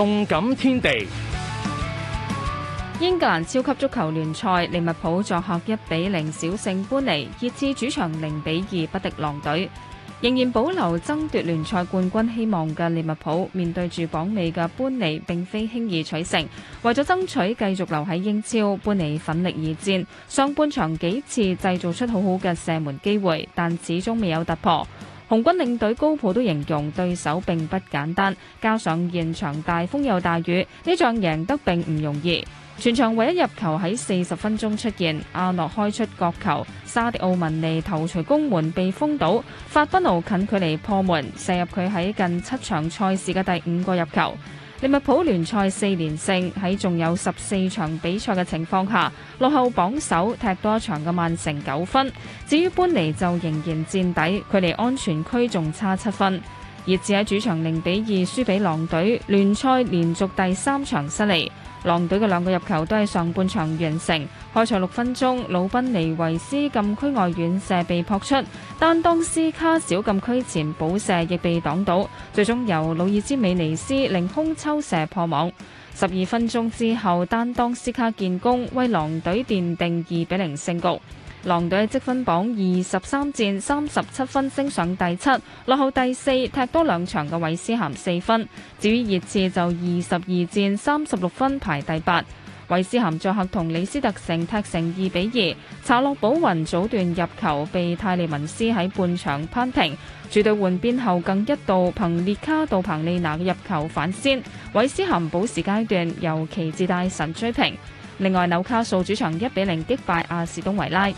動感天地，英格蘭超級足球聯賽，利物浦作客一比零小勝般尼，熱刺主場零比二不敵狼隊，仍然保留爭奪聯賽冠軍希望嘅利物浦面對住榜尾嘅般尼，並非輕易取勝。為咗爭取繼續留喺英超，般尼奮力而戰，上半場幾次制造出好好嘅射門機會，但始終未有突破。紅軍領隊高普都形容對手並不簡單，加上現場大風又大雨，呢仗贏得並唔容易。全場唯一入球喺四十分鐘出現，阿諾開出角球，沙迪奧文尼頭槌攻門被封堵，法賓奴近距離破門，射入佢喺近七場賽事嘅第五個入球。利物浦聯賽四連勝，喺仲有十四場比賽嘅情況下，落後榜首踢多場嘅曼城九分。至於般尼就仍然墊底，距離安全區仲差七分。熱刺喺主場零比二輸俾狼隊，聯賽連續第三場失利。狼隊嘅兩個入球都係上半場完成，開賽六分鐘，魯賓尼維斯禁區外遠射被撲出，丹當斯卡小禁區前補射亦被擋到，最終由魯爾茲美尼斯凌空抽射破網。十二分鐘之後，丹當斯卡建功，為狼隊奠定二比零勝局。狼隊喺積分榜二十三戰三十七分，升上第七，落後第四。踢多兩場嘅韋斯咸四分。至於熱刺就二十二戰三十六分排第八。韋斯咸作客同李斯特城踢成二比二，查洛保雲早段入球，被泰利文斯喺半場扳平。主隊換邊後更一度憑列卡杜彭利拿嘅入球反先，韋斯咸補時階段由其自帶神追平。另外，紐卡素主場1比0擊敗阿士東維拉。